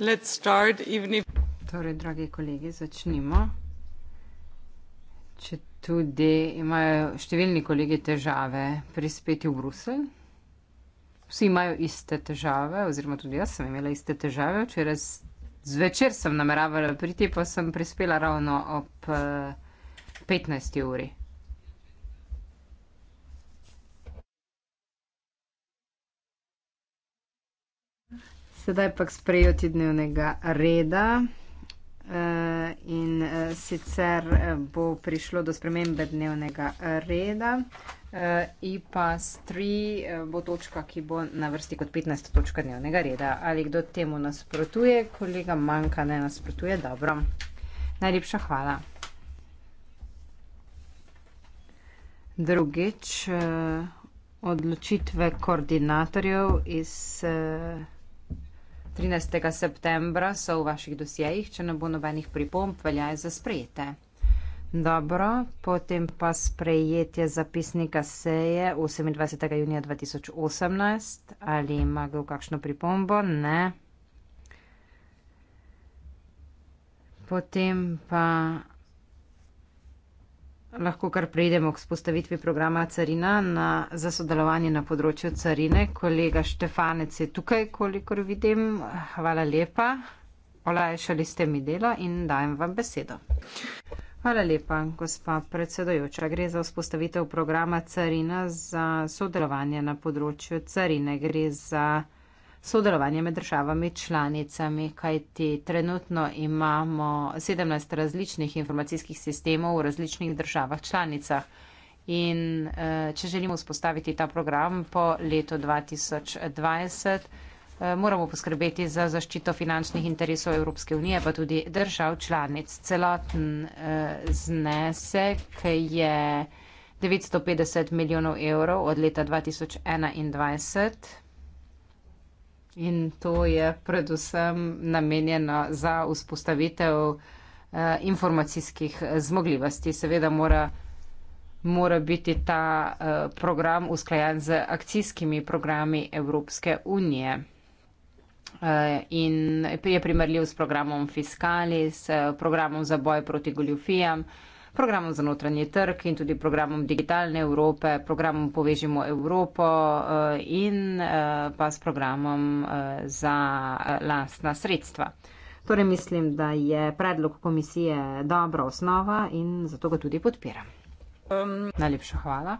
Torej, dragi kolegi, začnimo. Če tudi imajo številni kolegi težave prispeti v Bruselj. Vsi imajo iste težave, oziroma tudi jaz sem imela iste težave. Včeraj zvečer sem nameravala priti, pa sem prispela ravno ob 15. Eh, uri. Sedaj pa k sprejju tednevnega reda. Eh, in eh, sicer eh, bo prišlo do spremembe dnevnega reda. IPAS 3 bo točka, ki bo na vrsti kot 15. točka dnevnega reda. Ali kdo temu nasprotuje? Kolega manjka, ne nasprotuje. Dobro. Najlepša hvala. Drugič, odločitve koordinatorjev iz. 13. septembra so v vaših dosjejih, če ne bo nobenih pripomp, veljajo za sprejete. Dobro, potem pa sprejetje zapisnika seje 28. junija 2018. Ali ima kdo kakšno pripombo? Ne. Potem pa Lahko kar prejdemo k spostavitvi programa Carina na, za sodelovanje na področju carine. Kolega Štefanec je tukaj, kolikor vidim. Hvala lepa. Olajšali ste mi delo in dajem vam besedo. Hvala lepa, gospa predsedojoča. Gre za vzpostavitev programa Carina za sodelovanje na področju carine. Gre za sodelovanje med državami članicami, kajti trenutno imamo 17 različnih informacijskih sistemov v različnih državah članicah. In eh, če želimo vzpostaviti ta program po letu 2020, eh, moramo poskrbeti za zaščito finančnih interesov Evropske unije, pa tudi držav članic. Celoten eh, znesek je 950 milijonov evrov od leta 2021. In to je predvsem namenjeno za vzpostavitev eh, informacijskih eh, zmogljivosti. Seveda mora, mora biti ta eh, program usklajen z akcijskimi programi Evropske unije. Eh, in je primerljiv s programom Fiskalis, eh, programom za boj proti goljufijam, programom za notranji trg in tudi programom digitalne Evrope, programom Povežimo Evropo eh, in eh, pa s programom eh, za lastna sredstva. Torej mislim, da je predlog komisije dobra osnova in zato ga tudi podpiram. Um. Najlepša hvala.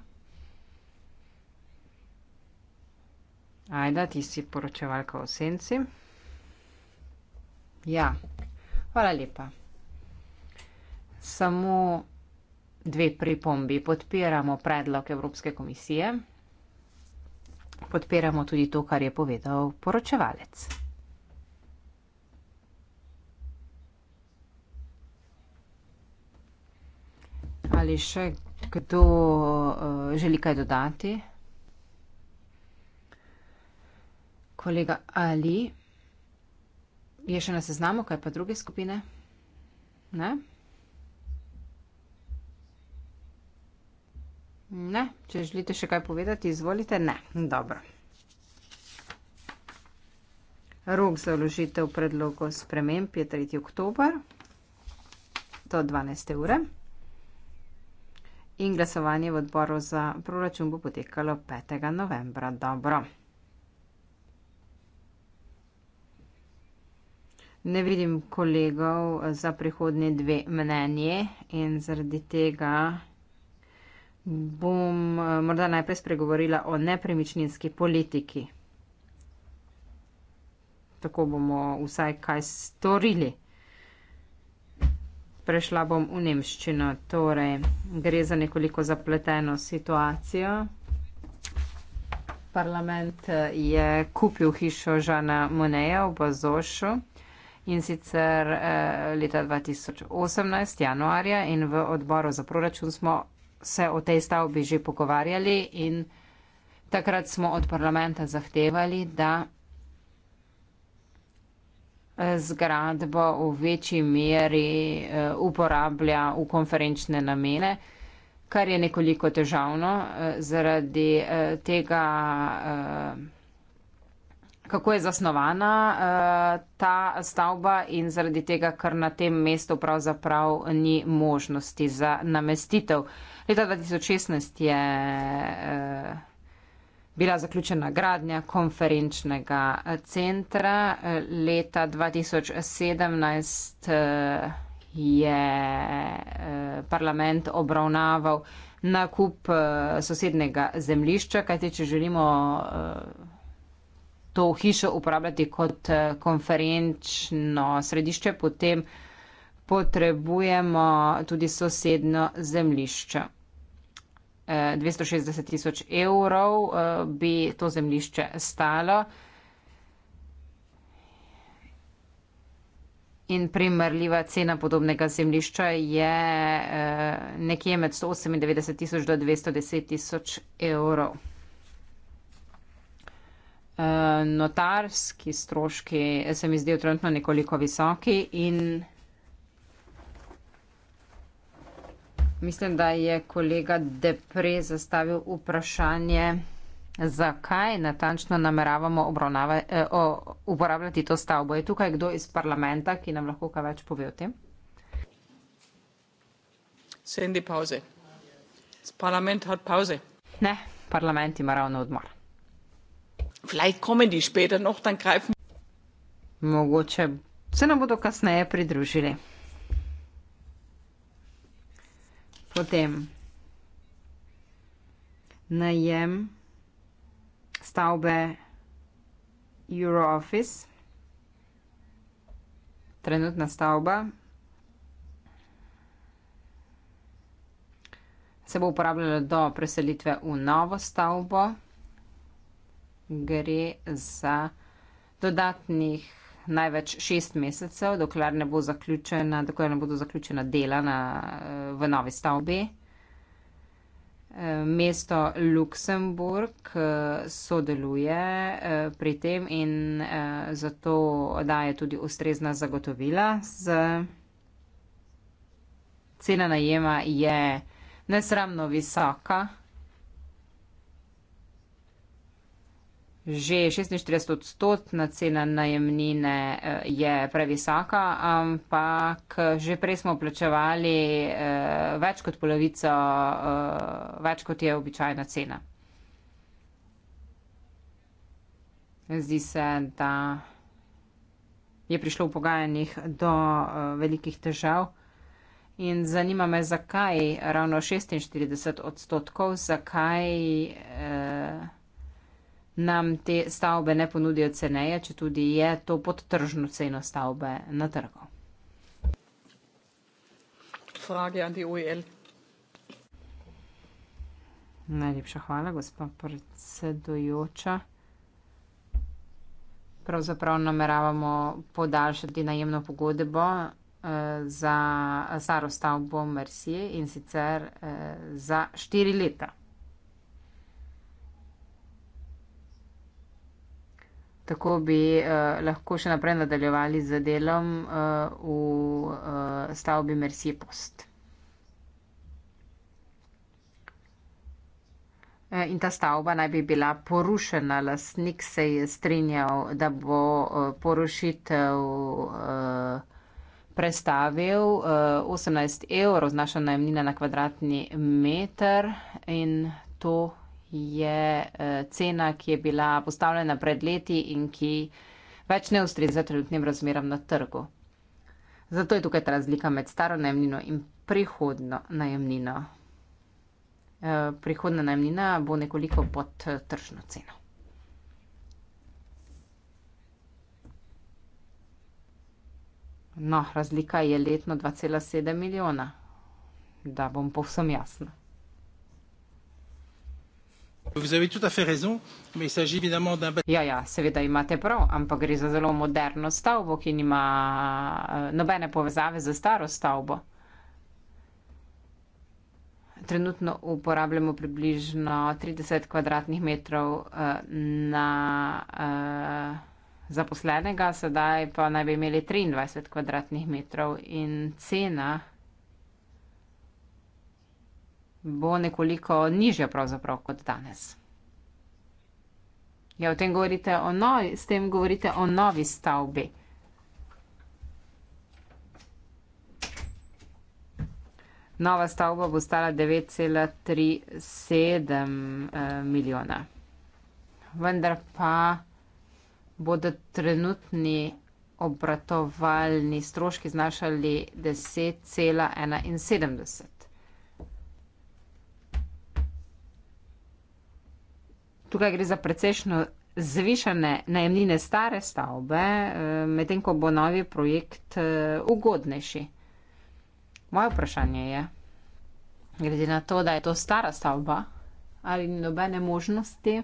Ajda, ti si poročevalka v senci. Ja, hvala lepa samo dve pripombi. Podpiramo predlog Evropske komisije, podpiramo tudi to, kar je povedal poročevalec. Ali še kdo uh, želi kaj dodati? Kolega Ali, je še na seznamu, kaj pa druge skupine? Ne? Ne, če želite še kaj povedati, izvolite. Ne, dobro. Rok za vložitev predlogov sprememb je 3. oktober do 12. ure. In glasovanje v odboru za proračun bo potekalo 5. novembra. Dobro. Ne vidim kolegov za prihodnje dve mnenje in zaradi tega bom eh, morda najprej spregovorila o nepremičninski politiki. Tako bomo vsaj kaj storili. Prešla bom v nemščino, torej gre za nekoliko zapleteno situacijo. Parlament eh, je kupil hišo Žana Moneja v Bazošu in sicer eh, leta 2018, januarja, in v odboru za proračun smo se o tej stavbi že pogovarjali in takrat smo od parlamenta zahtevali, da eh, zgradbo v večji meri eh, uporablja v konferenčne namene, kar je nekoliko težavno eh, zaradi tega kako je zasnovana eh, ta stavba in zaradi tega, ker na tem mestu pravzaprav ni možnosti za namestitev. Leta 2016 je eh, bila zaključena gradnja konferenčnega eh, centra, leta 2017 je parlament obravnaval nakup sosednega zemlišča, kajte če želimo to hišo uporabljati kot eh, konferenčno središče, potem potrebujemo tudi sosedno zemljišče. Eh, 260 tisoč evrov eh, bi to zemljišče stalo. In primerljiva cena podobnega zemljišča je nekje med 198 tisoč do 210 tisoč evrov. Eh, notarski stroški se mi zdijo trenutno nekoliko visoki in mislim, da je kolega Depre zastavil vprašanje, zakaj natančno nameravamo eh, o, uporabljati to stavbo. Je tukaj kdo iz parlamenta, ki nam lahko kaj več pove o tem? Sendi pauze. Parlament hod pauze. Ne, parlament ima ravno odmor. Vielleicht kommen die später noch, dann greifen. Mogoče se nam bodo kasneje pridružili. Potem najem stavbe EuroOffice, trenutna stavba, se bo uporabljala do preselitve v novo stavbo gre za dodatnih največ šest mesecev, dokler ne, bo dokler ne bodo zaključena dela na, eh, v novi stavbi. Eh, mesto Luksemburg eh, sodeluje pri tem in zato daje tudi ustrezna zagotovila. Z... Cena najema je nesramno visoka. že 46 odstotna cena najemnine eh, je previsoka, ampak že prej smo plačevali eh, več kot polovico, eh, več kot je običajna cena. Zdi se, da je prišlo v pogajanjih do velikih težav. In zanima me, zakaj ravno 46 odstotkov, zakaj. Eh, nam te stavbe ne ponudijo ceneje, če tudi je to pod tržno ceno stavbe na trgu. E Najlepša hvala, gospa predsedujoča. Pravzaprav nameravamo podaljšati najemno pogodbo eh, za staro stavbo Mercier in sicer eh, za štiri leta. tako bi uh, lahko še naprej nadaljevali z delom uh, v uh, stavbi Mersi Post. In ta stavba naj bi bila porušena, lasnik se je strinjal, da bo porušitev prestavil. 18 evrov znaša najemnina na kvadratni meter in to je eh, cena, ki je bila postavljena pred leti in ki več ne ustreza trenutnim razmeram na trgu. Zato je tukaj ta razlika med staro najemnino in prihodno najemnino. Eh, prihodna najemnina bo nekoliko pod eh, tržno ceno. No, razlika je letno 2,7 milijona, da bom povsem jasna. Ja, ja, seveda imate prav, ampak gre za zelo moderno stavbo, ki nima eh, nobene povezave za staro stavbo. Trenutno uporabljamo približno 30 kvadratnih metrov eh, na eh, zaposlenega, sedaj pa naj bi imeli 23 kvadratnih metrov in cena bo nekoliko nižja pravzaprav kot danes. Ja, o tem govorite o novi, s tem govorite o novi stavbi. Nova stavba bo stala 9,37 eh, milijona. Vendar pa bodo trenutni obratovalni stroški znašali 10,71. Tukaj gre za precejšno zvišane najemnine stare stavbe, eh, medtem ko bo novi projekt eh, ugodnejši. Moje vprašanje je, glede na to, da je to stara stavba, ali ni nobene možnosti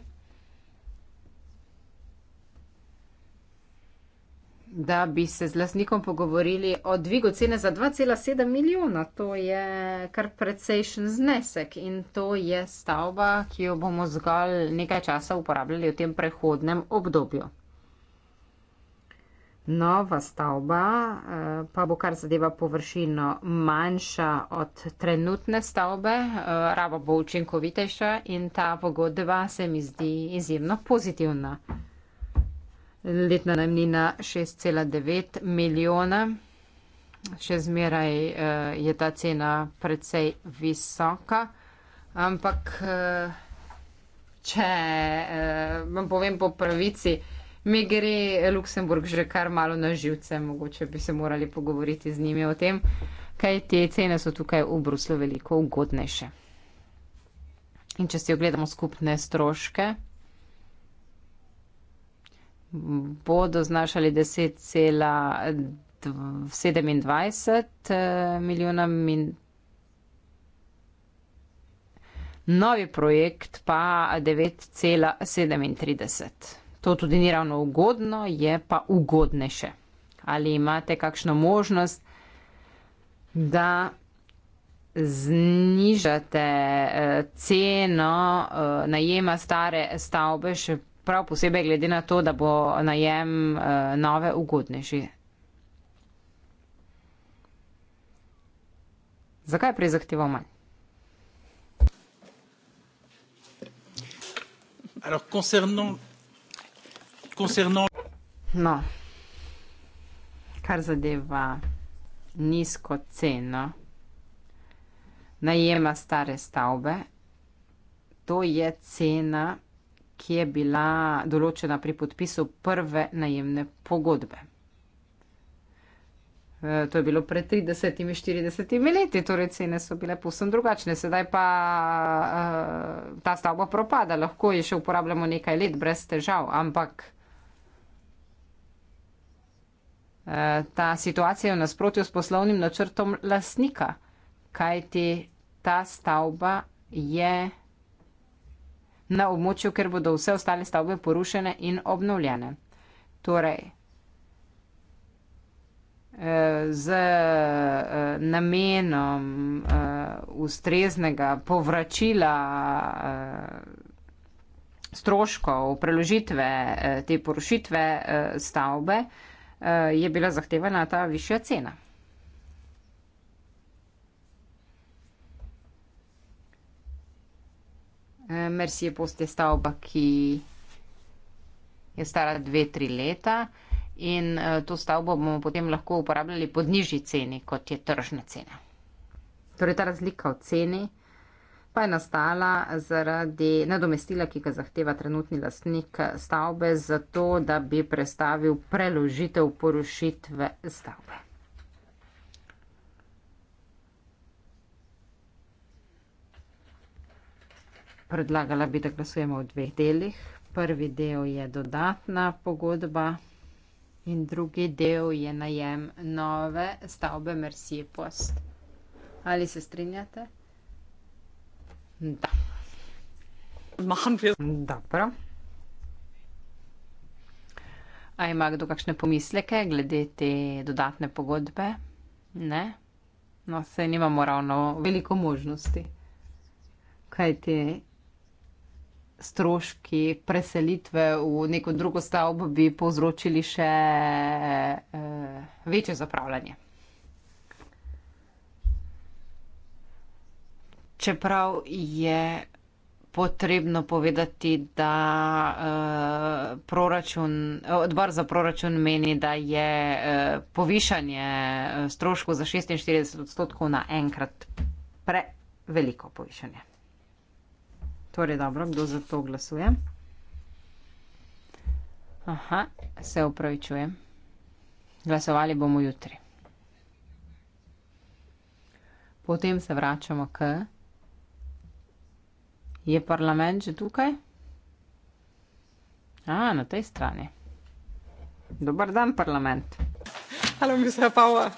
da bi se z lasnikom pogovorili o dvigu cene za 2,7 milijona. To je kar precejšen znesek in to je stavba, ki jo bomo zgolj nekaj časa uporabljali v tem prehodnem obdobju. Nova stavba eh, pa bo kar zadeva površino manjša od trenutne stavbe, eh, raba bo učinkovitejša in ta pogodba se mi zdi izjemno pozitivna letna najmnina 6,9 milijona. Še zmeraj uh, je ta cena precej visoka, ampak uh, če uh, vam povem po pravici, mi gre Luksemburg že kar malo na živce, mogoče bi se morali pogovoriti z njimi o tem, kaj te cene so tukaj v Bruslu veliko ugodnejše. In če si ogledamo skupne stroške, bodo znašali 10,27 eh, milijona min. Novi projekt pa 9,37. To tudi ni ravno ugodno, je pa ugodnejše. Ali imate kakšno možnost, da znižate eh, ceno eh, najema stare stavbe še prav posebej glede na to, da bo najem eh, nove ugodnejši. Zakaj je prezahteval manj? No, kar zadeva nizko ceno najema stare stavbe, to je cena ki je bila določena pri podpisu prve najemne pogodbe. E, to je bilo pred 30-40 leti, torej cene so bile povsem drugačne. Sedaj pa uh, ta stavba propada, lahko jo še uporabljamo nekaj let brez težav, ampak uh, ta situacija je v nasprotju s poslovnim načrtom lasnika, kajti ta stavba je na območju, ker bodo vse ostale stavbe porušene in obnovljene. Torej, eh, z eh, namenom eh, ustreznega povračila stroškov preložitve te porušitve stavbe je bila zahtevana ta višja cena. Mersi je poste stavba, ki je stara dve, tri leta in eh, to stavbo bomo potem lahko uporabljali pod nižji ceni, kot je tržna cena. Torej ta razlika v ceni pa je nastala zaradi nadomestila, ki ga zahteva trenutni lastnik eh, stavbe, zato da bi predstavil preložitev porušitve stavbe. predlagala bi, da glasujemo v dveh delih. Prvi del je dodatna pogodba in drugi del je najem nove stavbe Mercy Post. Ali se strinjate? Da. Dobro. A ima kdo kakšne pomisleke glede te dodatne pogodbe? Ne? No, se nimamo ravno veliko možnosti. Kaj ti stroški preselitve v neko drugo stavbo bi povzročili še eh, večje zapravljanje. Čeprav je potrebno povedati, da eh, proračun, odbor za proračun meni, da je eh, povišanje stroškov za 46 odstotkov naenkrat preveliko povišanje. Torej, dobro, kdo za to glasuje? Aha, se upravičujem. Glasovali bomo jutri. Potem se vračamo k. Je parlament že tukaj? A, na tej strani. Dobar dan, parlament. Hallo, Mr. Power.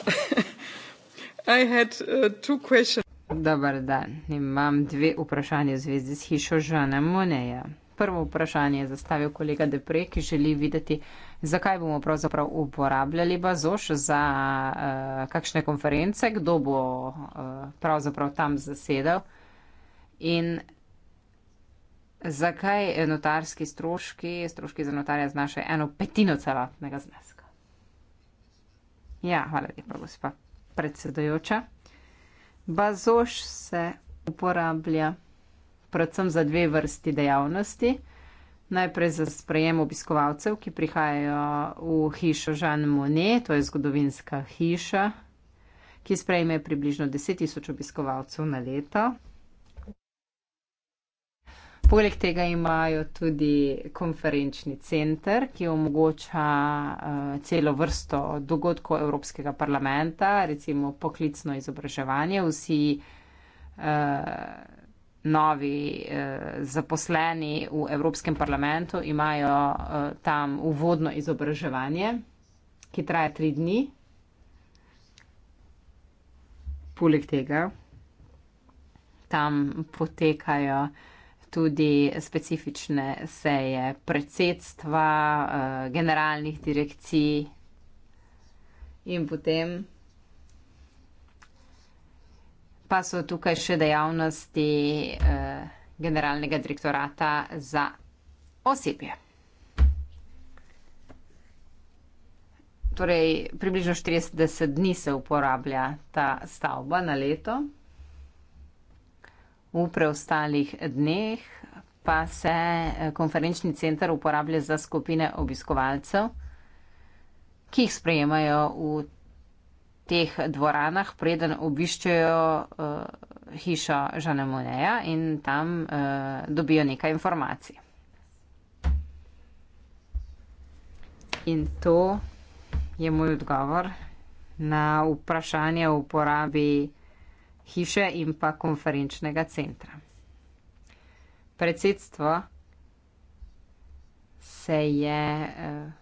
I had uh, two questions. Dobar dan. Imam dve vprašanje v zvezi s hišo Žana Moneja. Prvo vprašanje je zastavil kolega Depre, ki želi videti, zakaj bomo pravzaprav uporabljali bazoš za uh, kakšne konference, kdo bo uh, pravzaprav tam zasedel in zakaj notarski stroški, stroški za notarja znašajo eno petino celotnega zneska. Ja, hvala lepa, gospa predsedojoča. Bazoš se uporablja predvsem za dve vrsti dejavnosti. Najprej za sprejem obiskovalcev, ki prihajajo v hišo Žan Monet, to je zgodovinska hiša, ki sprejme približno 10 tisoč obiskovalcev na leto. Poleg tega imajo tudi konferenčni center, ki omogoča uh, celo vrsto dogodkov Evropskega parlamenta, recimo poklicno izobraževanje. Vsi uh, novi uh, zaposleni v Evropskem parlamentu imajo uh, tam uvodno izobraževanje, ki traja tri dni. Poleg tega tam potekajo tudi specifične seje predsedstva, eh, generalnih direkcij in potem pa so tukaj še dejavnosti eh, generalnega direktorata za osebje. Torej, približno 40 dni se uporablja ta stavba na leto. V preostalih dneh pa se eh, konferenčni center uporablja za skupine obiskovalcev, ki jih sprejemajo v teh dvoranah, preden obiščejo uh, hišo Žana Moneja in tam uh, dobijo nekaj informacij. In to je moj odgovor na vprašanje o uporabi hiše in pa konferenčnega centra. Predsedstvo se je eh,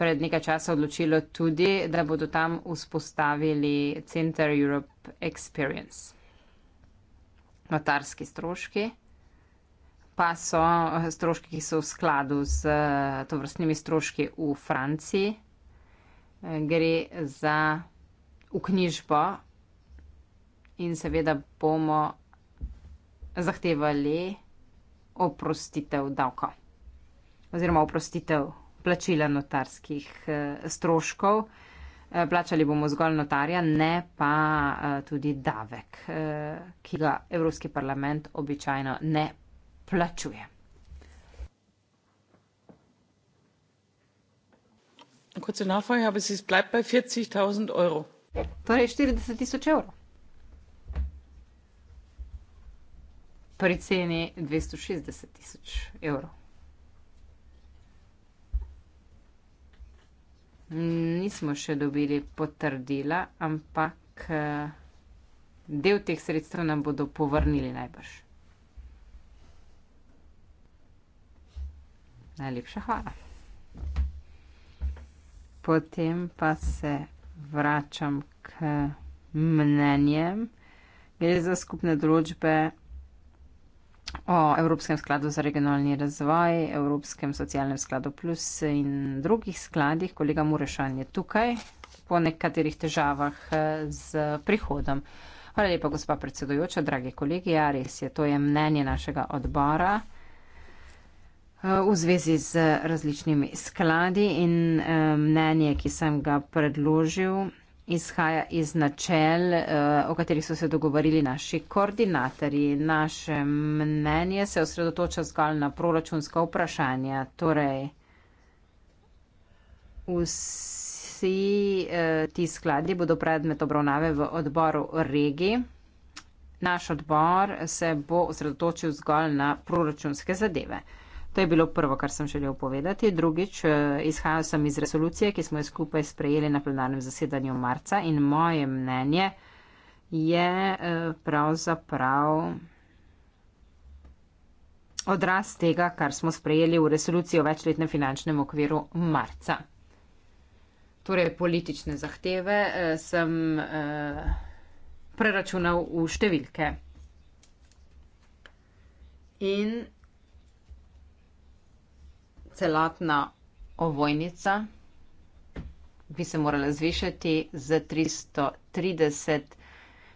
pred nekaj časa odločilo tudi, da bodo tam vzpostavili Center Europe Experience. Notarski stroški pa so eh, stroški, ki so v skladu z eh, tovrstnimi stroški v Franciji. Gre za uknjižbo in seveda bomo zahtevali oprostitev davka oziroma oprostitev plačila notarskih eh, stroškov. Eh, plačali bomo zgolj notarja, ne pa eh, tudi davek, ki ga Evropski parlament običajno ne plačuje. Kurze Nachfrage, aber es bleibt bei 40.000 Euro. Torej 40.000 Euro. pri ceni 260 tisoč evrov. Nismo še dobili potrdila, ampak del teh sredstev nam bodo povrnili najbrž. Najlepša hvala. Potem pa se vračam k mnenjem. Gre za skupne določbe o Evropskem skladu za regionalni razvoj, Evropskem socialnem skladu plus in drugih skladih. Kolega Murešan je tukaj po nekaterih težavah eh, z prihodom. Hvala lepa, gospa predsedujoča, dragi kolegi. Ja, res je, to je mnenje našega odbora eh, v zvezi z različnimi skladi in eh, mnenje, ki sem ga predložil izhaja iz načel, eh, o katerih so se dogovorili naši koordinatorji. Naše mnenje se osredotoča zgolj na proračunska vprašanja. Torej, vsi eh, ti skladi bodo predmet obravnave v odboru regi. Naš odbor se bo osredotočil zgolj na proračunske zadeve. To je bilo prvo, kar sem želel povedati. Drugič, eh, izhajal sem iz resolucije, ki smo jo skupaj sprejeli na plenarnem zasedanju marca in moje mnenje je eh, pravzaprav odraz tega, kar smo sprejeli v resoluciji o večletnem finančnem okviru marca. Torej, politične zahteve eh, sem preračunal v številke. In celotna ovojnica bi se morala zvišati z 330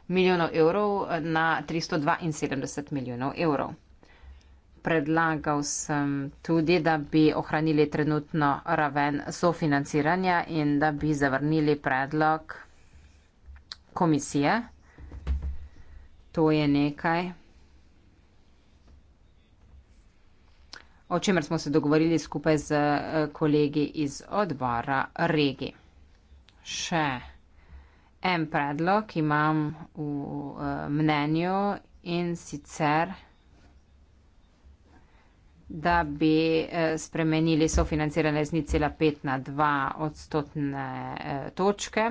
milijonov evrov na 372 milijonov evrov. Predlagal sem tudi, da bi ohranili trenutno raven sofinanciranja in da bi zavrnili predlog komisije. To je nekaj, o čemer smo se dogovorili skupaj z eh, kolegi iz odbora regi. Še en predlog imam v eh, mnenju in sicer, da bi eh, spremenili sofinanciranje z 0,5 na 2 odstotne točke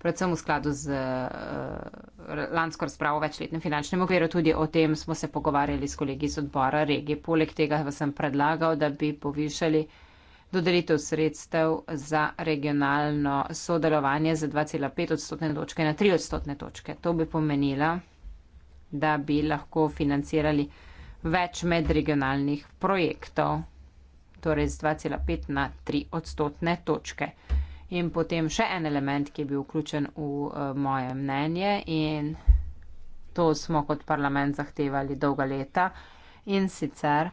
predvsem v skladu z uh, lansko razpravo o večletnem finančnem okviru. Tudi o tem smo se pogovarjali s kolegi iz odbora regije. Poleg tega vas sem predlagal, da bi povišali dodelitev sredstev za regionalno sodelovanje za 2,5 odstotne točke na 3 odstotne točke. To bi pomenilo, da bi lahko financirali več medregionalnih projektov, torej z 2,5 na 3 odstotne točke. In potem še en element, ki je bil vključen v uh, moje mnenje in to smo kot parlament zahtevali dolga leta in sicer,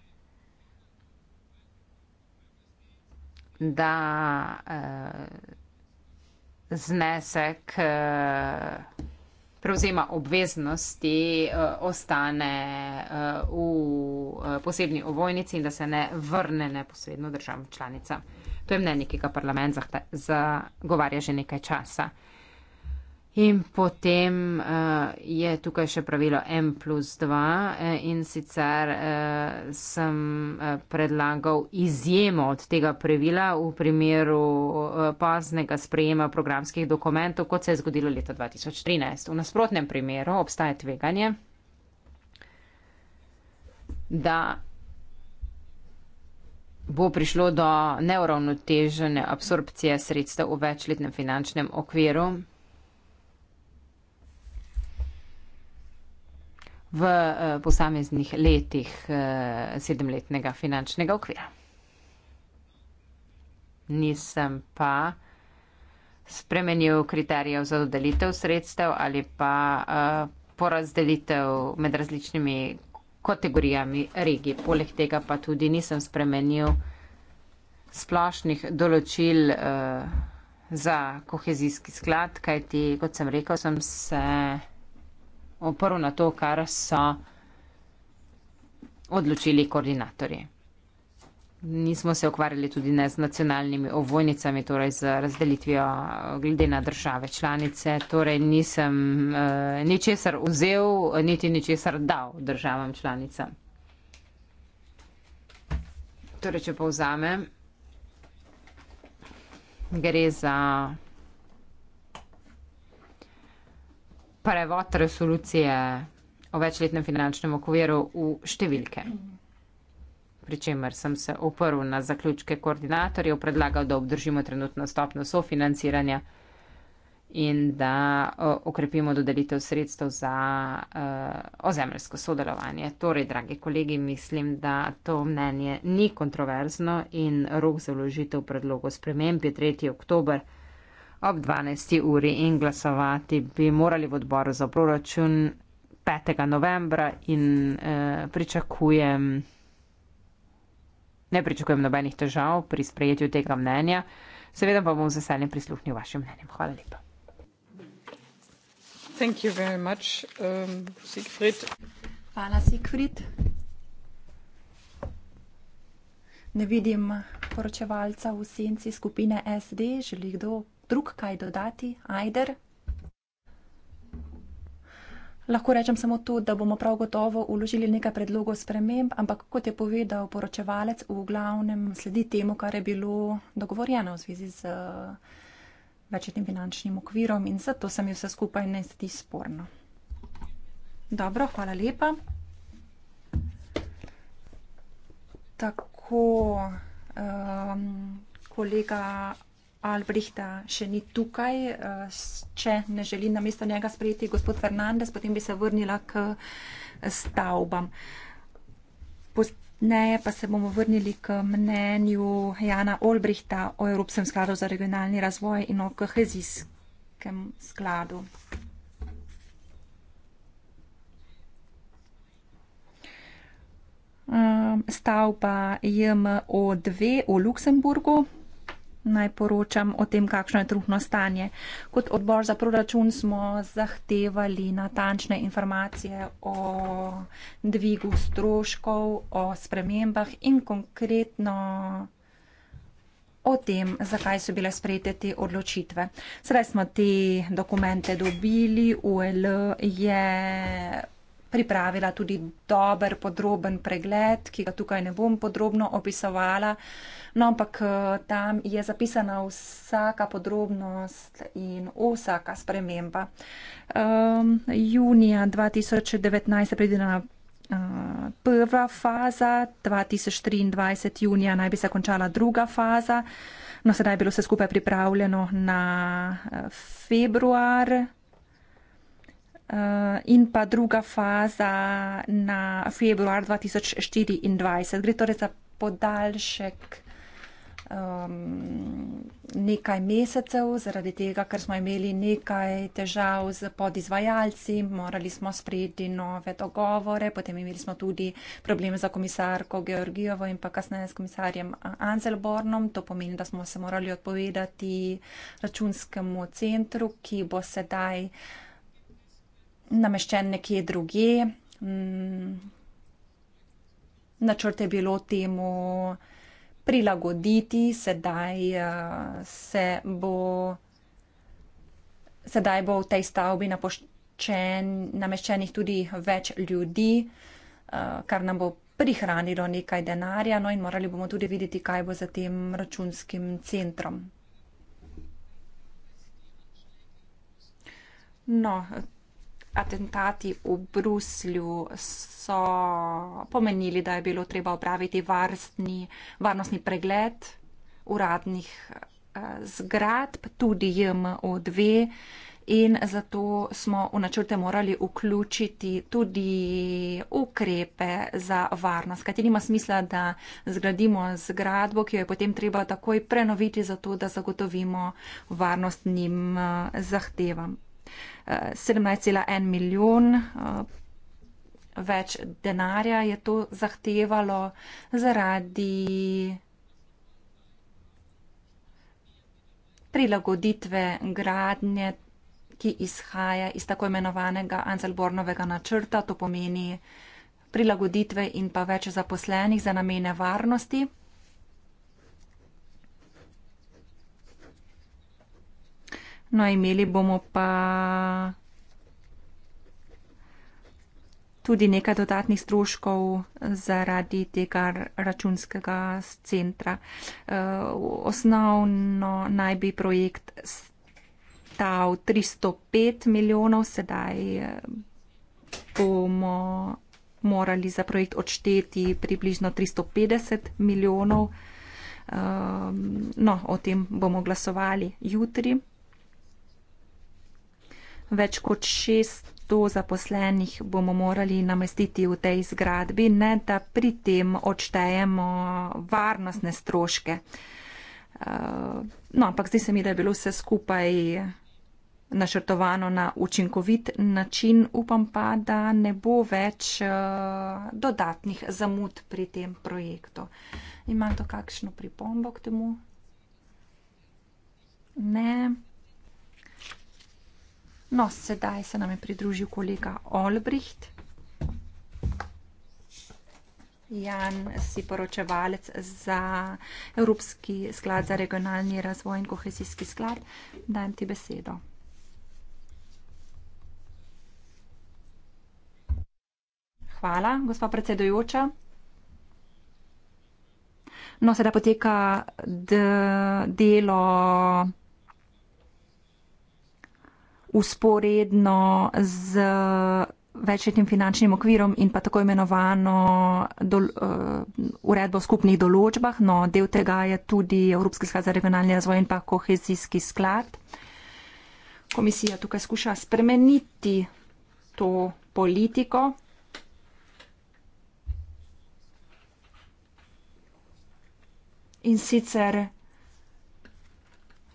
da uh, znesek uh, prevzema obveznosti uh, ostane uh, v uh, posebni ovojnici in da se ne vrne neposredno državam članicam. To je mnenje, ki ga parlament zagovarja že nekaj časa. In potem uh, je tukaj še pravilo M plus 2 eh, in sicer uh, sem predlagal izjemo od tega pravila v primeru uh, paznega sprejema programskih dokumentov, kot se je zgodilo leta 2013. V nasprotnem primeru obstaja tveganje, da bo prišlo do neuravnotežene absorpcije sredstev v večletnem finančnem okviru. v eh, posameznih letih eh, sedemletnega finančnega okvira. Nisem pa spremenil kriterijev za dodelitev sredstev ali pa eh, porazdelitev med različnimi kategorijami regij. Poleg tega pa tudi nisem spremenil splošnih določil uh, za kohezijski sklad, kajti, kot sem rekel, sem se oprl na to, kar so odločili koordinatorji. Nismo se ukvarjali tudi ne z nacionalnimi ovojnicami, torej z razdelitvijo eh, glede na države članice. Torej nisem uh, ničesar vzel, niti ničesar dal državam članicam. Torej, če povzamem, gre za prevod resolucije o večletnem finančnem okviru v številke pri čemer sem se oprl na zaključke koordinatorjev, predlagal, da obdržimo trenutno stopno sofinanciranja in da okrepimo dodelitev sredstev za uh, e, ozemelsko sodelovanje. Torej, dragi kolegi, mislim, da to mnenje ni kontroverzno in rok za vložitev predlogov sprememb je 3. oktober ob 12. uri in glasovati bi morali v odboru za proračun 5. novembra in uh, pričakujem. Ne pričakujem nobenih težav pri sprejetju tega mnenja, seveda pa bom z veseljem prisluhnil vašim mnenjem. Hvala lepa. Thank you very much, um, Siegfried. Hvala, Siegfried. Ne vidim poročevalca v senci skupine SD. Želi kdo drug kaj dodati? Ajder. Lahko rečem samo to, da bomo prav gotovo uložili nekaj predlogov sprememb, ampak kot je povedal poročevalec, v glavnem sledi temu, kar je bilo dogovorjeno v zvezi z eh, večetnim finančnim okvirom in zato se mi vse skupaj ne zdi sporno. Dobro, hvala lepa. Tako, um, kolega Albrehta še ni tukaj, eh, če ne želi na mesto njega sprejeti gospod Fernandez, potem bi se vrnila k eh, stavbam. Ne, pa se bomo vrnili k mnenju Jana Olbrihta o Evropskem skladu za regionalni razvoj in o kohezijskem skladu. Eh, stavba JMO2 v Luksemburgu, naj poročam o tem, kakšno je trupno stanje. Kot odbor za proračun smo zahtevali natančne informacije o dvigu stroškov, o spremembah in konkretno o tem, zakaj so bile sprejete te odločitve. Sedaj smo te dokumente dobili, UL je pripravila tudi dober, podroben pregled, ki ga tukaj ne bom podrobno opisovala. No, ampak eh, tam je zapisana vsaka podrobnost in vsaka sprememba. Um, junija 2019 pride na. Uh, prva faza, 2023. junija naj bi se končala druga faza, no sedaj je bilo vse skupaj pripravljeno na uh, februar Eh, in pa druga faza na februar 2024. Gre torej za podaljšek um, nekaj mesecev, zaradi tega, ker smo imeli nekaj težav z podizvajalci, morali smo sprejeti nove dogovore, potem imeli smo tudi probleme za komisarko Georgijovo in pa kasneje s komisarjem eh, Anzelbornom. To pomeni, da smo se morali odpovedati računskemu centru, ki bo sedaj uh, nameščen nekje druge. Mm, načrt je bilo temu prilagoditi, sedaj eh, se bo, sedaj bo v tej stavbi napoščen, nameščenih tudi več ljudi, eh, kar nam bo prihranilo nekaj denarja, no in morali bomo tudi videti, kaj bo za tem računskim centrom. No, atentati v Bruslju so pomenili, da je bilo treba opraviti varstni, varnostni pregled uradnih eh, zgradb, tudi JMO2. In zato smo v načrte morali vključiti tudi ukrepe za varnost, kajti nima smisla, da zgradimo zgradbo, ki jo je potem treba takoj prenoviti, zato da zagotovimo varnostnim eh, zahtevam. 17,1 milijon eh, več denarja je to zahtevalo zaradi prilagoditve gradnje, ki izhaja iz tako imenovanega Anzelbornovega načrta, to pomeni prilagoditve in pa več zaposlenih za namene varnosti. No, imeli bomo pa tudi nekaj dodatnih stroškov zaradi tega računskega centra. Eh, osnovno naj bi projekt stal 305 milijonov, sedaj eh, bomo morali za projekt odšteti približno 350 milijonov. Eh, no, o tem bomo glasovali jutri več kot šest. To zaposlenih bomo morali namestiti v tej zgradbi, ne da pri tem odštejemo varnostne stroške. Eh, no, ampak zdi se mi, da je bilo vse skupaj načrtovano na učinkovit način. Upam pa, da ne bo več eh, dodatnih zamud pri tem projektu. Imate kakšno pripombo k temu? Ne. No, sedaj se nam je pridružil kolega Olbricht. Jan, si poročevalec za Evropski sklad za regionalni razvoj in kohezijski sklad. Dajem ti besedo. Hvala, gospod predsedojoča. No, sedaj poteka delo usporedno z večletnim finančnim okvirom in pa tako imenovano do, uh, eh, uredbo o skupnih določbah. No, del tega je tudi Evropski sklad za regionalni razvoj in pa kohezijski sklad. Komisija tukaj skuša spremeniti to politiko. In sicer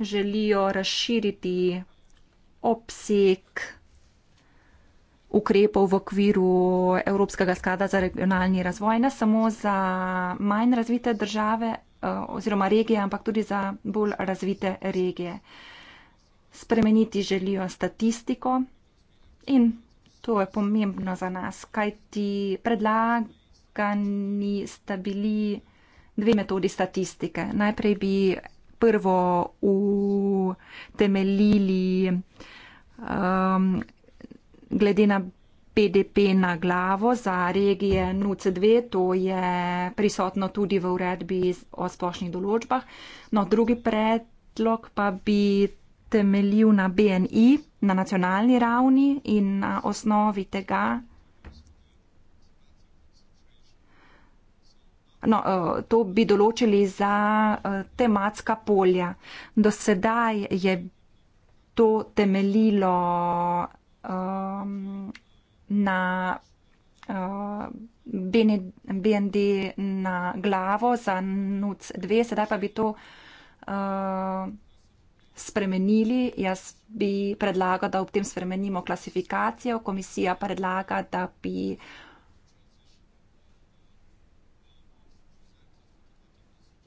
želijo razširiti obseg ukrepov v okviru Evropskega sklada za regionalni razvoj, ne samo za manj razvite države eh, oziroma regije, ampak tudi za bolj razvite regije. Spremeniti želijo statistiko in to je pomembno za nas, kaj ti predlagani sta bili dve metodi statistike. Najprej bi prvo utemeljili um, glede na BDP na glavo za regije NUC2, to je prisotno tudi v uredbi o splošnih določbah. No, drugi predlog pa bi temeljil na BNI na nacionalni ravni in na osnovi tega No, eh, to bi določili za eh, tematska polja. Do sedaj je to temeljilo um, na uh, eh, BND na glavo za NUC2, sedaj pa bi to uh, spremenili. Jaz bi predlagal, da ob tem spremenimo klasifikacijo, komisija predlaga, da bi uh,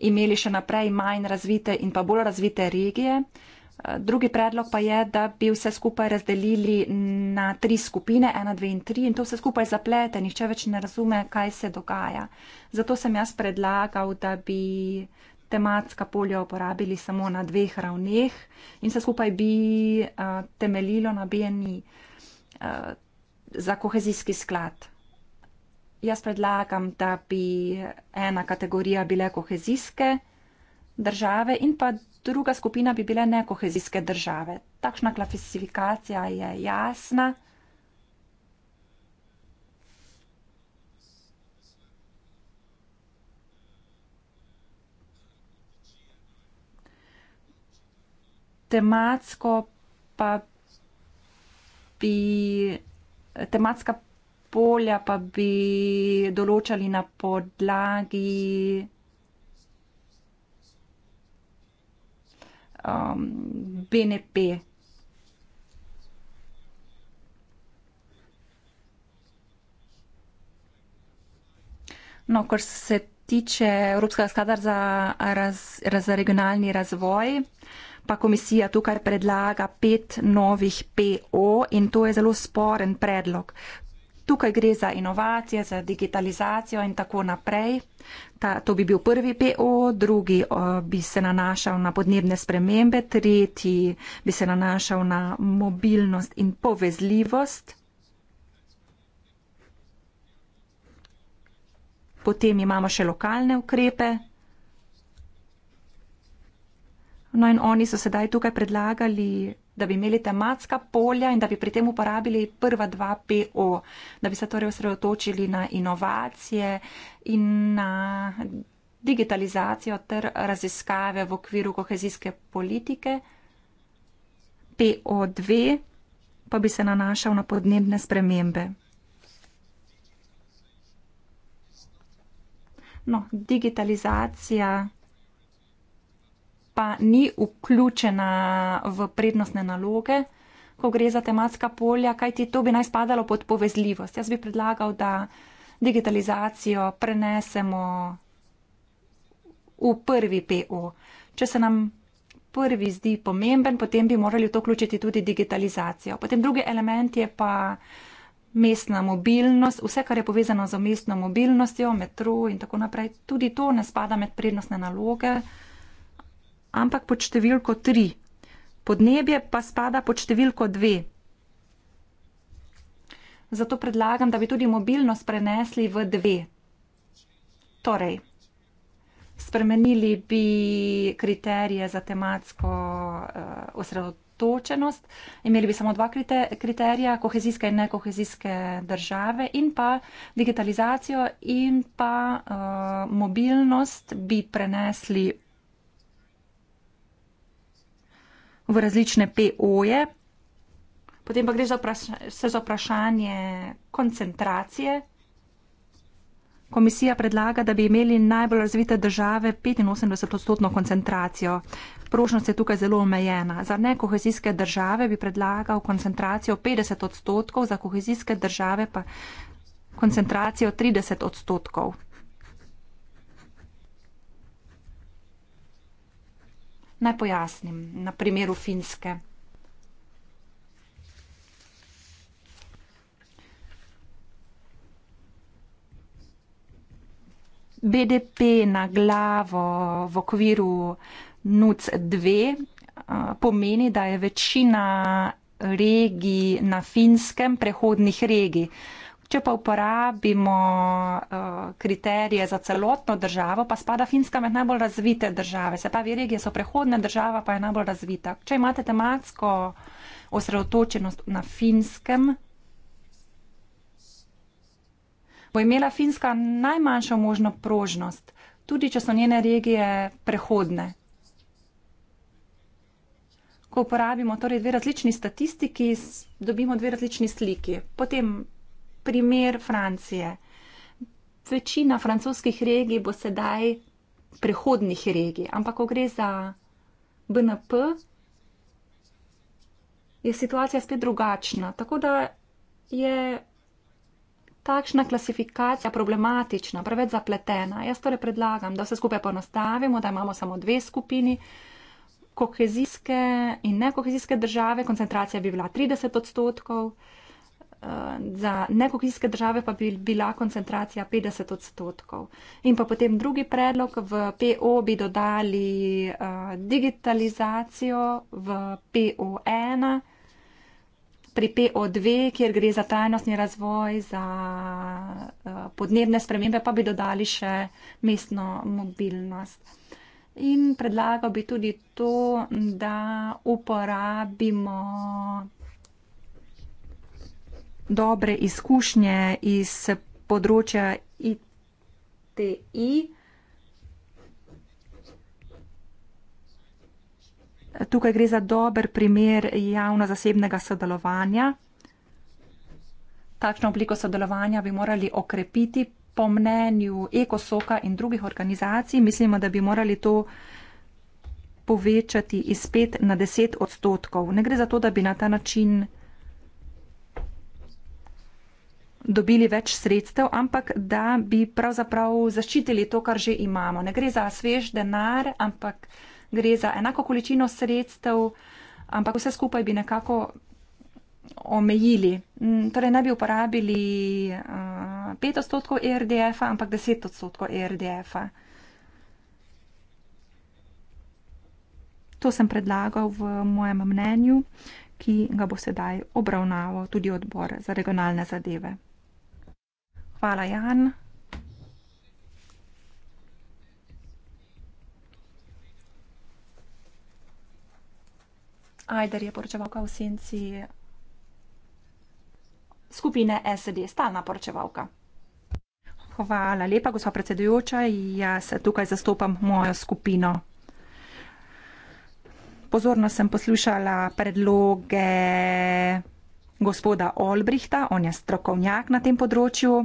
imeli še naprej manj razvite in pa bolj razvite regije. Drugi predlog pa je, da bi vse skupaj razdelili na tri skupine, ena, dve in tri, in to vse skupaj zaplete, nihče več ne razume, kaj se dogaja. Zato sem jaz predlagal, da bi tematska polja uporabili samo na dveh ravneh in vse skupaj bi uh, temeljilo na BNI uh, eh, za kohezijski sklad jaz predlagam, da bi ena kategorija bile kohezijske države in pa druga skupina bi bile nekohezijske države. Takšna klasifikacija je jasna. Tematsko pa bi, tematska polja pa bi določali na podlagi um, BNP. No, kar se tiče Evropskega sklada za, raz, raz, za regionalni razvoj, pa komisija tukaj predlaga pet novih PO in to je zelo sporen predlog. Tukaj gre za inovacije, za digitalizacijo in tako naprej. Ta, to bi bil prvi PO, drugi o, bi se nanašal na podnebne spremembe, tretji bi se nanašal na mobilnost in povezljivost. Potem imamo še lokalne ukrepe. No in oni so sedaj tukaj predlagali da bi imeli tematska polja in da bi pri tem uporabili prva dva PO, da bi se torej osredotočili na inovacije in na digitalizacijo ter raziskave v okviru kohezijske politike. PO2 pa bi se nanašal na podnebne spremembe. No, digitalizacija pa ni vključena v prednostne naloge, ko gre za tematska polja, kajti to bi naj spadalo pod povezljivost. Jaz bi predlagal, da digitalizacijo prenesemo v prvi PO. Če se nam prvi zdi pomemben, potem bi morali v to vključiti tudi digitalizacijo. Potem drugi element je pa mestna mobilnost, vse, kar je povezano z mestno mobilnostjo, metro in tako naprej. Tudi to ne spada med prednostne naloge ampak pod številko 3. Podnebje pa spada pod številko 2. Zato predlagam, da bi tudi mobilnost prenesli v 2. Torej, spremenili bi kriterije za tematsko uh, osredotočenost, imeli bi samo dva kriterija, kohezijske in nekohezijske države in pa digitalizacijo in pa uh, mobilnost bi prenesli v različne POE. Potem pa gre za vprašanje, za vprašanje koncentracije. Komisija predlaga, da bi imeli najbolj razvite države 85-odstotno koncentracijo. Prošnost je tukaj zelo omejena. Za nekohezijske države bi predlagal koncentracijo 50 odstotkov, za kohezijske države pa koncentracijo 30 odstotkov. Naj pojasnim na primeru Finske. BDP na glavo v okviru NUC 2 eh, pomeni, da je večina regij na finskem prehodnih regij. Če pa uporabimo uh, kriterije za celotno državo, pa spada Finska med najbolj razvite države. Se pravi, regije so prehodne, država pa je najbolj razvita. Če imate tematsko osredotočenost na Finskem, bo imela Finska najmanjšo možno prožnost, tudi če so njene regije prehodne. Ko uporabimo torej dve različni statistiki, dobimo dve različni sliki. Potem primer Francije. Večina francoskih regij bo sedaj prehodnih regij, ampak ko gre za BNP, je situacija spet drugačna. Tako da je takšna klasifikacija problematična, preveč zapletena. Jaz torej predlagam, da vse skupaj ponostavimo, da imamo samo dve skupini. Kohezijske in nekohezijske države, koncentracija bi bila 30 odstotkov. Eh, za nekokijske države pa bi bila koncentracija 50 odstotkov. In pa potem drugi predlog, v PO bi dodali eh, digitalizacijo, v PO1, pri PO2, kjer gre za trajnostni razvoj, za eh, podnebne spremembe, pa bi dodali še mestno mobilnost. In predlagal bi tudi to, da uporabimo dobre izkušnje iz področja ITI. Tukaj gre za dober primer javno-zasebnega sodelovanja. Takšno obliko sodelovanja bi morali okrepiti po mnenju Ekosoka in drugih organizacij. Mislimo, da bi morali to povečati iz 5 na 10 odstotkov. Ne gre za to, da bi na ta način dobili več sredstev, ampak da bi pravzaprav zaščitili to, kar že imamo. Ne gre za svež denar, ampak gre za enako količino sredstev, ampak vse skupaj bi nekako omejili. Mm, torej ne bi uporabili uh, eh, 5 odstotkov e RDF-a, ampak 10 odstotkov e RDF-a. To sem predlagal v mojem mnenju, ki ga bo sedaj obravnaval tudi odbor za regionalne zadeve. Hvala, Jan. Ajder je poročevalka v senci skupine SD, stalna poročevalka. Hvala lepa, gospa predsedujoča, jaz tukaj zastopam mojo skupino. Pozorno sem poslušala predloge gospoda Olbrihta, on je strokovnjak na tem področju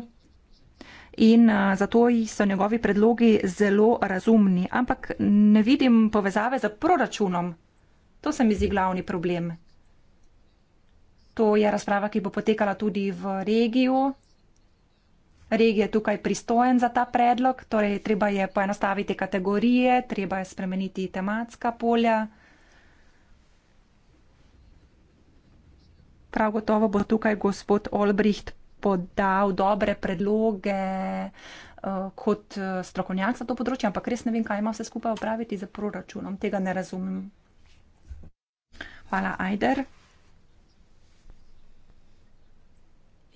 in zato so njegovi predlogi zelo razumni. Ampak ne vidim povezave z proračunom. To se mi zdi glavni problem. To je razprava, ki bo potekala tudi v regiju. Regija je tukaj pristojen za ta predlog, torej treba je poenostaviti kategorije, treba je spremeniti tematska polja. Prav gotovo bo tukaj gospod Olbricht podal dobre predloge eh, kot eh, strokovnjak za to področje, ampak res ne vem, kaj ima vse skupaj upraviti za proračunom. Tega ne razumem. Hvala, Ajder.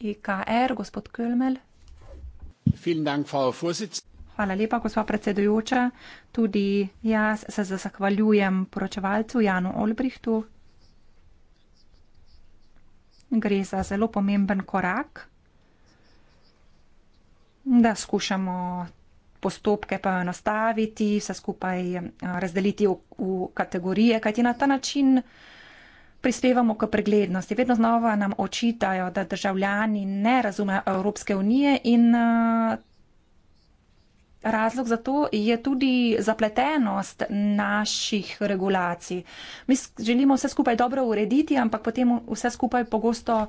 IKR, e er, gospod Kölmel. Hvala lepa, gospa predsedujoča. Tudi jaz se zahvaljujem poročevalcu Janu Olbrihtu. Gre za zelo pomemben korak da skušamo postopke pa enostaviti, vse skupaj eh, razdeliti v, v kategorije, kajti na ta način prispevamo k preglednosti. Vedno znova nam očitajo, da državljani ne razumejo Evropske unije in eh, razlog za to je tudi zapletenost naših regulacij. Mi želimo vse skupaj dobro urediti, ampak potem vse skupaj pogosto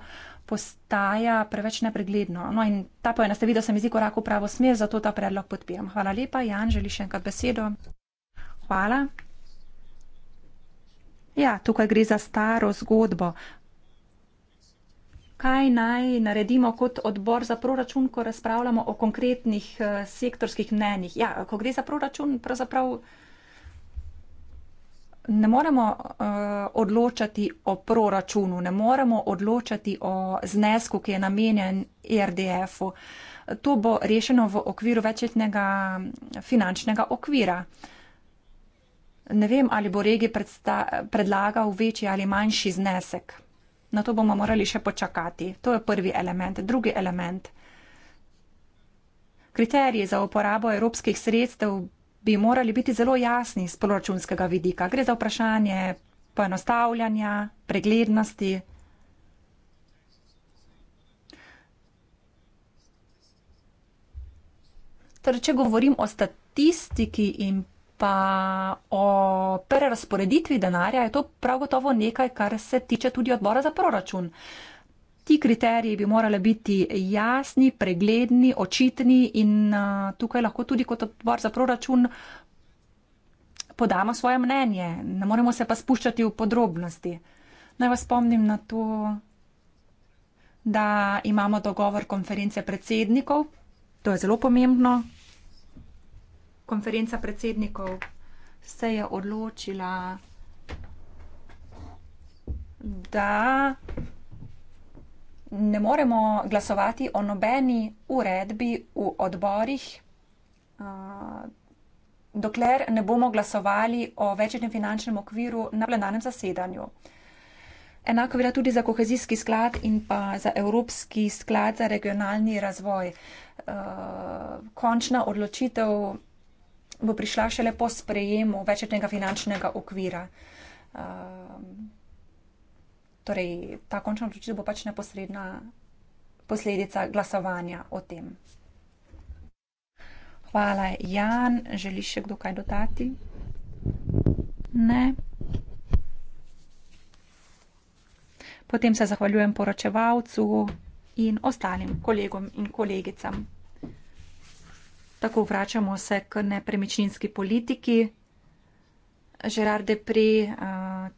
postaja preveč nepregledno. No in ta poenostavitev se mi zdi korak v pravo smer, zato ta predlog podpiram. Hvala lepa, Jan, želiš še enkrat besedo? Hvala. Ja, tukaj gre za staro zgodbo. Kaj naj naredimo kot odbor za proračun, ko razpravljamo o konkretnih eh, sektorskih mnenjih? Ja, ko gre za proračun, pravzaprav ne moremo uh, odločati o proračunu, ne moremo odločati o znesku, ki je namenjen RDF-u. To bo rešeno v okviru večletnega finančnega okvira. Ne vem, ali bo regi predsta, predlagal večji ali manjši znesek. Na to bomo morali še počakati. To je prvi element. Drugi element. Kriteriji za uporabo evropskih sredstev bi morali biti zelo jasni z proračunskega vidika. Gre za vprašanje poenostavljanja, preglednosti. Torej, če govorim o statistiki in pa o prerasporeditvi denarja, je to prav gotovo nekaj, kar se tiče tudi odbora za proračun ti kriteriji bi morali biti jasni, pregledni, očitni in eh, tukaj lahko tudi kot odbor za proračun podamo svoje mnenje. Ne moremo se pa spuščati v podrobnosti. Naj vas spomnim na to, da imamo dogovor konference predsednikov. To je zelo pomembno. Konferenca predsednikov se je odločila, da ne moremo glasovati o nobeni uredbi v odborih, dokler ne bomo glasovali o večjem finančnem okviru na plenarnem zasedanju. Enako velja tudi za kohezijski sklad in pa za Evropski sklad za regionalni razvoj. Končna odločitev bo prišla šele po sprejemu večjega finančnega okvira torej ta končna odločitev bo pač neposredna posledica glasovanja o tem. Hvala, Jan. Želiš še kdo kaj dodati? Ne. Potem se zahvaljujem poročevalcu in ostalim kolegom in kolegicam. Tako vračamo se k nepremičninski politiki. Žerar Depri, uh, eh,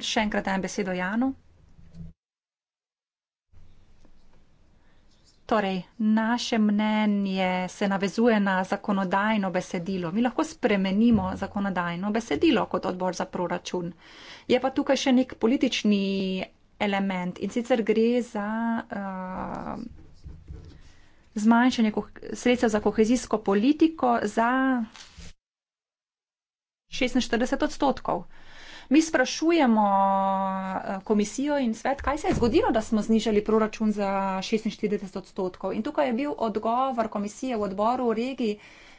še enkrat dajem besedo Janu. Torej, naše mnenje se navezuje na zakonodajno besedilo. Mi lahko spremenimo zakonodajno besedilo kot odbor za proračun. Je pa tukaj še nek politični element in sicer gre za uh, zmanjšanje sredstev za kohezijsko politiko za 46 odstotkov. Uh, Mi sprašujemo eh, komisijo in svet, kaj se je zgodilo, da smo znižali proračun za 46 odstotkov. In tukaj je bil odgovor komisije v odboru v regiji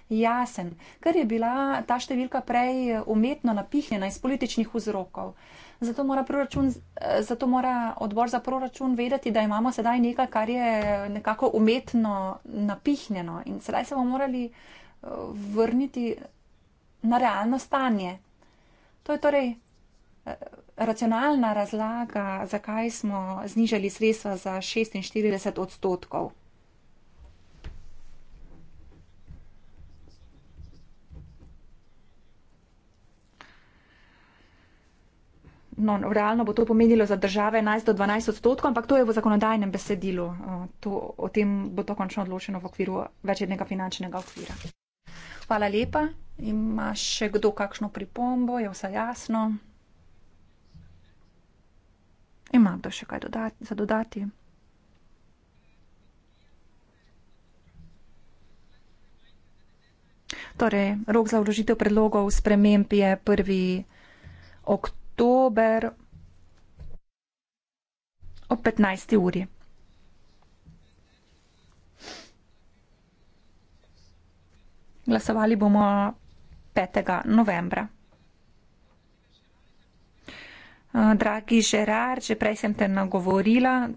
jasen, ker je bila ta številka prej umetno napihnjena iz političnih vzrokov. Zato mora, eh, zato mora odbor za proračun vedeti, da imamo sedaj nekaj, kar je nekako umetno napihnjeno in sedaj se bomo morali eh, vrniti na realno stanje. To je torej racionalna razlaga, zakaj smo znižali sredstva za 46 odstotkov? No, realno bo to pomenilo za države 11 do 12 odstotkov, ampak to je v zakonodajnem besedilu. To, o tem bo to končno odločeno v okviru večjednega finančnega okvira. Hvala lepa. Ima še kdo kakšno pripombo? Je vse jasno? Ima kdo še kaj dodati, za dodati? Torej, rok za vložitev predlogov sprememb je 1. oktober ob 15. uri. Glasovali bomo 5. novembra. Eh, dragi Žerar, že prej sem te nagovorila.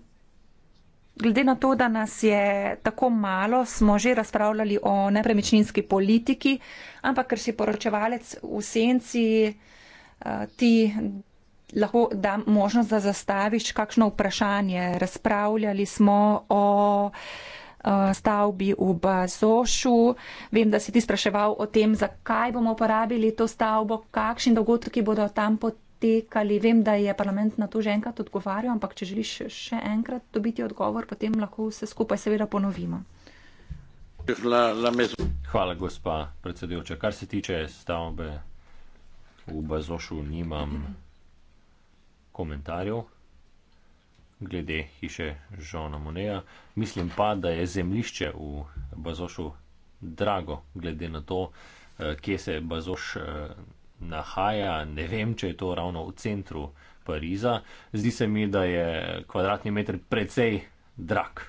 Glede na to, da nas je tako malo, smo že razpravljali o nepremičninski politiki, ampak ker si poročevalec v senci, eh, ti lahko da možnost, da zastaviš kakšno vprašanje. Razpravljali smo o eh, stavbi v Bazošu. Vem, da si ti spraševal o tem, zakaj bomo uporabili to stavbo, kakšni dogodki bodo tam potekali potekali. Vem, da je parlament na to že enkrat odgovarjal, ampak če želiš še enkrat dobiti odgovor, potem lahko vse skupaj seveda ponovimo. Hvala, gospa predsedujoča. Kar se tiče stavbe v Bazošu, nimam komentarjev glede hiše Žona Moneja. Mislim pa, da je zemlišče v Bazošu drago, glede na to, eh, kje se Bazoš. Eh, nahaja, ne vem, če je to ravno v centru Pariza. Zdi se mi, da je kvadratni meter precej drag.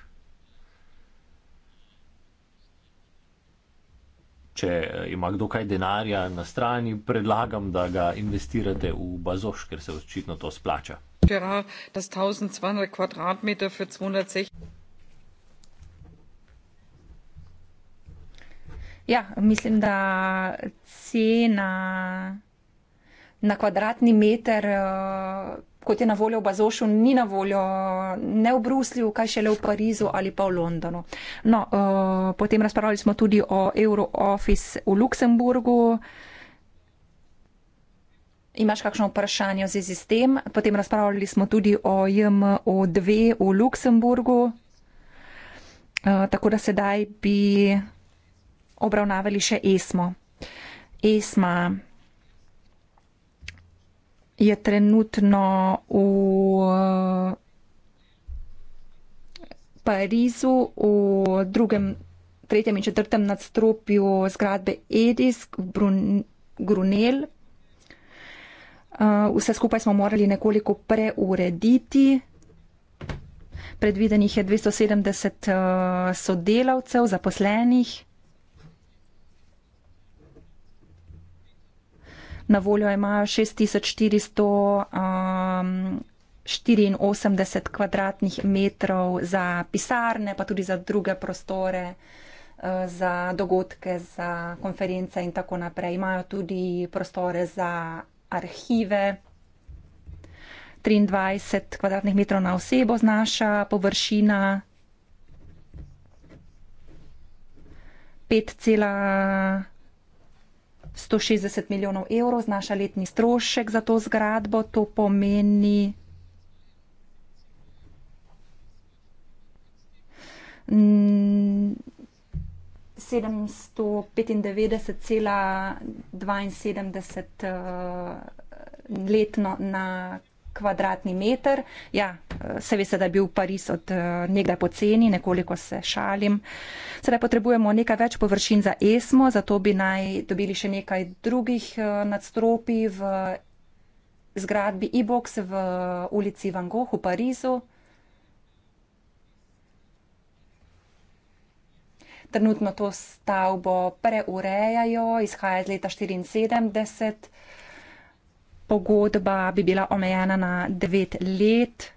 Če eh, ima kdo kaj denarja na strani, predlagam, da ga investirate v bazoš, ker se očitno to splača. Ja, mislim, da cena na kvadratni meter, eh, kot je na voljo v Bazošu, ni na voljo ne v Bruslju, kaj šele v Parizu ali pa v Londonu. No, eh, potem razpravljali smo tudi o Euro-Office v Luksemburgu. Imaš kakšno vprašanje v zvezi s tem? Potem razpravljali smo tudi o JMO2 v Luksemburgu. Eh, tako da sedaj bi obravnavali še ESMO. ESMA je trenutno v eh, Parizu v drugem, tretjem in četrtem nadstropju zgradbe Edis Grunel. Eh, vse skupaj smo morali nekoliko preurediti. Predvidenih je 270 eh, sodelavcev, zaposlenih. na voljo imajo 6400. Um, 84 kvadratnih metrov za pisarne, pa tudi za druge prostore, uh, za dogodke, za konference in tako naprej. Imajo tudi prostore za arhive. 23 kvadratnih metrov na osebo znaša površina. 160 milijonov evrov znaša letni strošek za to zgradbo, to pomeni sedemsto petindevetdeset cela dvainsedemdeset eh, letno na kvadratni meter. Ja, seveda, da je bil Pariz od eh, nekdaj poceni, nekoliko se šalim. Sedaj potrebujemo nekaj več površin za ESMO, zato bi naj dobili še nekaj drugih eh, nadstropij v zgradbi e-box v eh, ulici Van Gogh v Parizu. Trenutno to stavbo preurejajo, izhaja iz leta 1974 pogodba bi bila omejena na 9 let.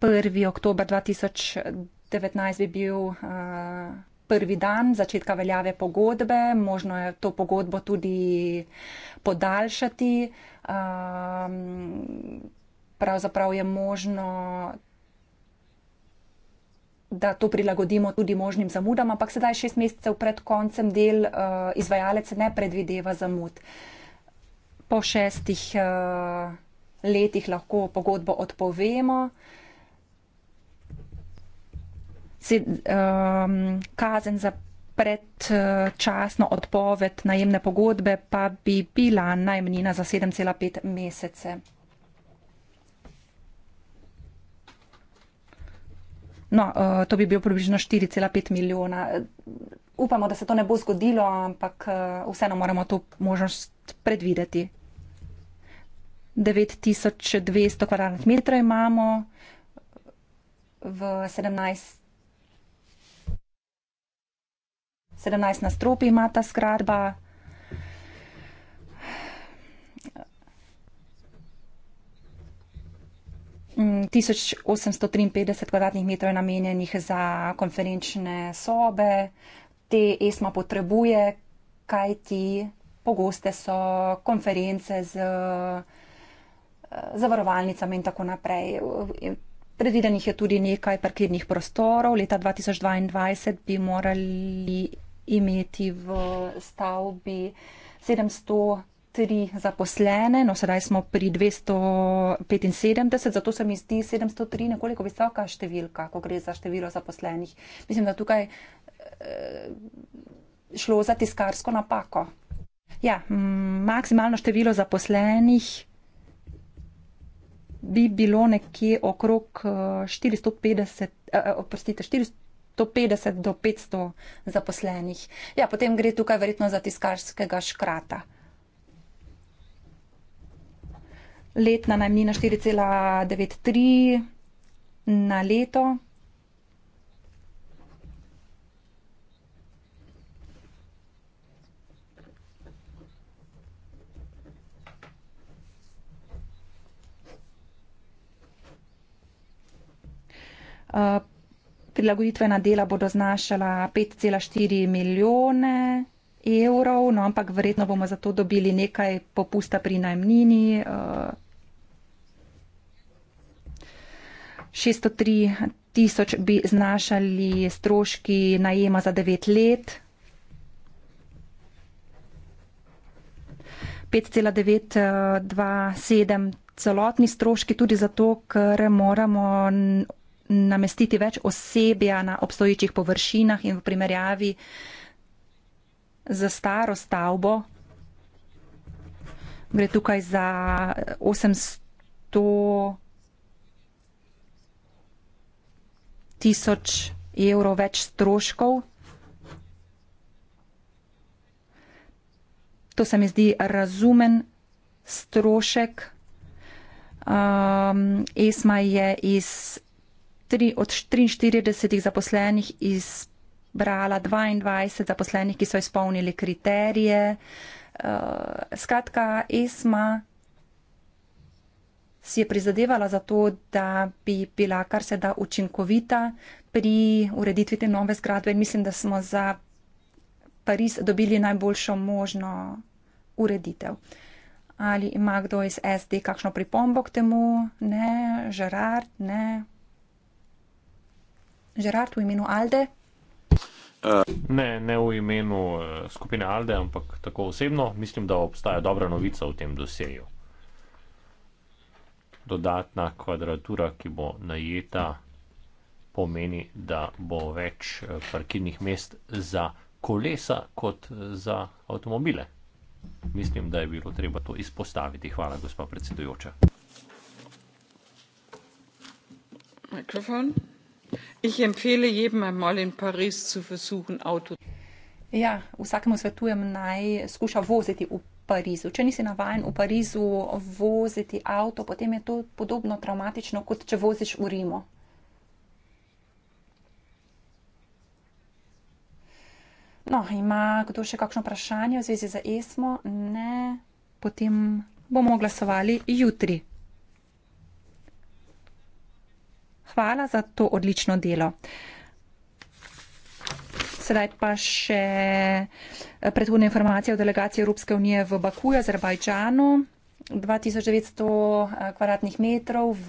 1. oktober 2019 bi bil prvi dan začetka veljave pogodbe. Možno je to pogodbo tudi podaljšati. Pravzaprav je možno da to prilagodimo tudi možnim zamudam, ampak sedaj šest mesecev pred koncem del uh, izvajalec ne predvideva zamud. Uh, po šestih uh, letih lahko pogodbo odpovemo. Se, um, kazen za predčasno odpoved najemne pogodbe pa bi bila najmnina za 7,5 mesece. No, eh, to bi bil približno 4,5 milijona. Upamo, da se to ne bo zgodilo, ampak eh, vseeno moramo to možnost predvideti. 9200 kvadratnih metrov imamo v 17. 17 na stropi ima ta skradba. Mm, tisoč osemsto triinpetdeset kvadratnih metrov je namenjenih za konferenčne sobe. Te ESMA potrebuje, kajti pogoste so konference z uh, zavarovalnicami in tako naprej. Predvidenih je tudi nekaj parkirnih prostorov. Leta 2022 bi morali imeti v stavbi 703 zaposlene, no sedaj smo pri 275, zato se mi zdi 703 nekoliko visoka številka, ko gre za število zaposlenih. Mislim, da tukaj eh, šlo za tiskarsko napako. Ja, maksimalno število zaposlenih bi bilo nekje okrog 450, eh, eh, oprostite, 450 do 500 zaposlenih. Ja, potem gre tukaj verjetno za tiskarskega škrata. Letna najmnina 4,93 na leto. Eh, prilagoditvena dela bodo znašala 5,4 milijone evrov, no ampak verjetno bomo zato dobili nekaj popusta pri najmnini. 603 eh, tisoč bi znašali stroški najema za 9 let. 5,927 eh, celotni stroški tudi zato, ker moramo namestiti več osebja na obstoječih površinah in v primerjavi za staro stavbo. Gre tukaj za 800 tisoč evrov več stroškov. To se mi zdi razumen strošek. Um, Esma je iz tri, od 43 zaposlenih izbrala 22 zaposlenih, ki so izpolnili kriterije. Uh, skratka, ESMA si je prizadevala za to, da bi bila kar se da učinkovita pri ureditvi te nove zgradbe in mislim, da smo za Pariz dobili najboljšo možno ureditev. Ali ima kdo iz SD kakšno pripombo k temu? Ne, Žerard, ne, Žerard v imenu Alde? Eh, ne, ne v imenu eh, skupine Alde, ampak tako osebno mislim, da obstaja dobra novica v tem doseju. Dodatna kvadratura, ki bo najeta, pomeni, da bo več eh, parkirnih mest za kolesa kot za avtomobile. Mislim, da je bilo treba to izpostaviti. Hvala, gospa predsedujoča. Mikrofon. Ich empfehle jedem einmal in Paris zu versuchen, Auto zu Ja, vsakemu svetujem, naj skuša voziti v Parizu. Če nisi navajen v Parizu voziti avto, potem je to podobno traumatično, kot če voziš v Rimu. No, ima kdo še kakšno vprašanje v zvezi z ESMO? Ne, potem bomo glasovali jutri. hvala za to odlično delo. Sedaj pa še eh, predhodne informacije o delegaciji Evropske unije v Bakuju, Azerbajdžanu. 2900 eh, kvadratnih metrov v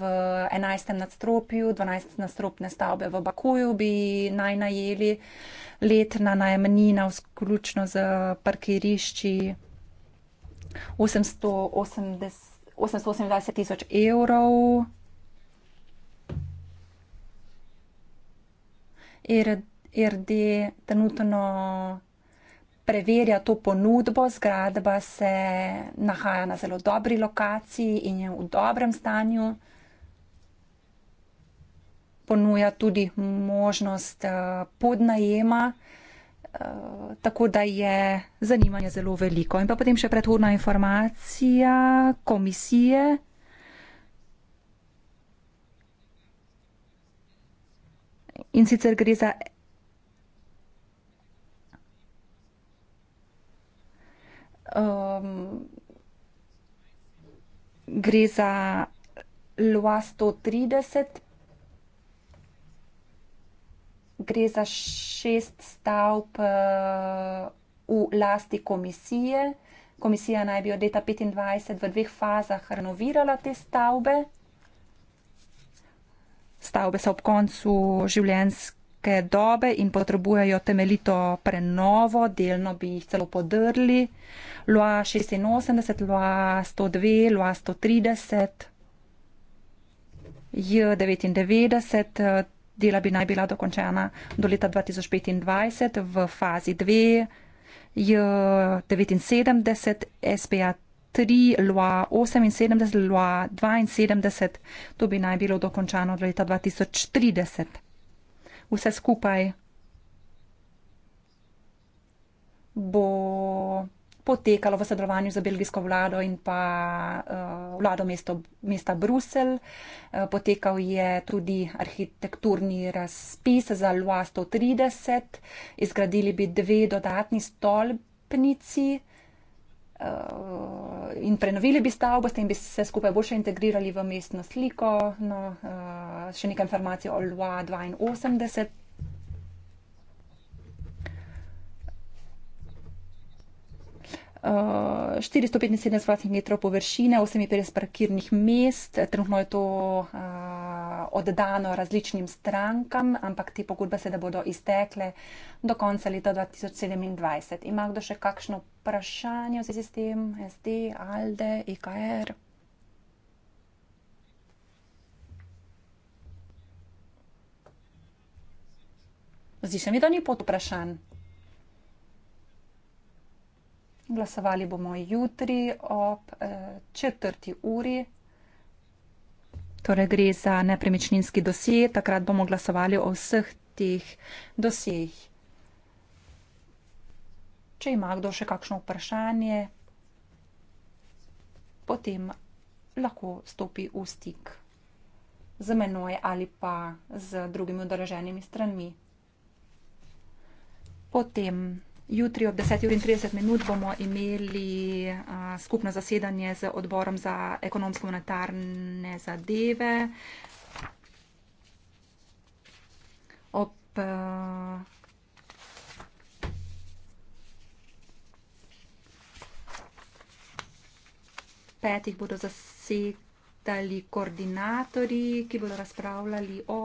11. nadstropju, 12. nadstropne stavbe v Bakuju bi naj najeli letna najemnina, vključno z parkirišči 880 tisoč evrov. RD trenutno preverja to ponudbo, zgradba se nahaja na zelo dobri lokaciji in je v dobrem stanju. Ponuja tudi možnost eh, podnajema, eh, tako da je zanimanje zelo veliko. In pa potem še predhodna informacija komisije. in sicer gre za um, gre za LOA 130, gre za šest stavb eh, v lasti komisije. Komisija naj bi od leta 2025 v dveh fazah renovirala te stavbe stavbe so ob koncu življenjske dobe in potrebujejo temeljito prenovo, delno bi jih celo podrli. Loa 86, Loa 102, Loa 130, J99, dela bi naj bila dokončena do leta 2025 v fazi 2, J79, SPA 3. 3 loa, 78 loa, 72, to bi naj bilo dokončano do leta 2030. Vse skupaj bo potekalo v sodelovanju z belgijsko vlado in pa uh, vlado mesto, mesta Brusel. Uh, eh, potekal je tudi arhitekturni razpis za loa 130, izgradili bi dve dodatni stolpnici uh, in prenovili bi stavbo, s tem bi se skupaj boljše integrirali v mestno sliko. No, uh, še nekaj informacij o LOA 82. 475 kvadratnih metrov površine, 58 parkirnih mest, trenutno je to uh, oddano različnim strankam, ampak te pogodbe se da bodo iztekle do konca leta 2027. Ima kdo še kakšno vprašanje v zvezi s tem, SD, ALDE, IKR? E Zdi se mi, da ni pod vprašanjem. Glasovali bomo jutri ob eh, četrti uri. Torej gre za nepremičninski dosje. Takrat bomo glasovali o vseh teh dosjejih. Če ima kdo še kakšno vprašanje, potem lahko stopi v stik z menoj ali pa z drugimi odraženimi stranmi. Potem Jutri ob 10.30 minut bomo imeli uh, skupno zasedanje z odborom za ekonomsko-monetarne zadeve. Ob, uh, petih bodo zasedali koordinatori, ki bodo razpravljali o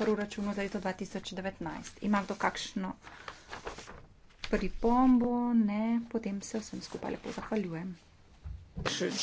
proračunu za leto 2019. Ima kdo kakšno? pripombo, ne, potem se vsem skupaj lepo zahvaljujem. Še.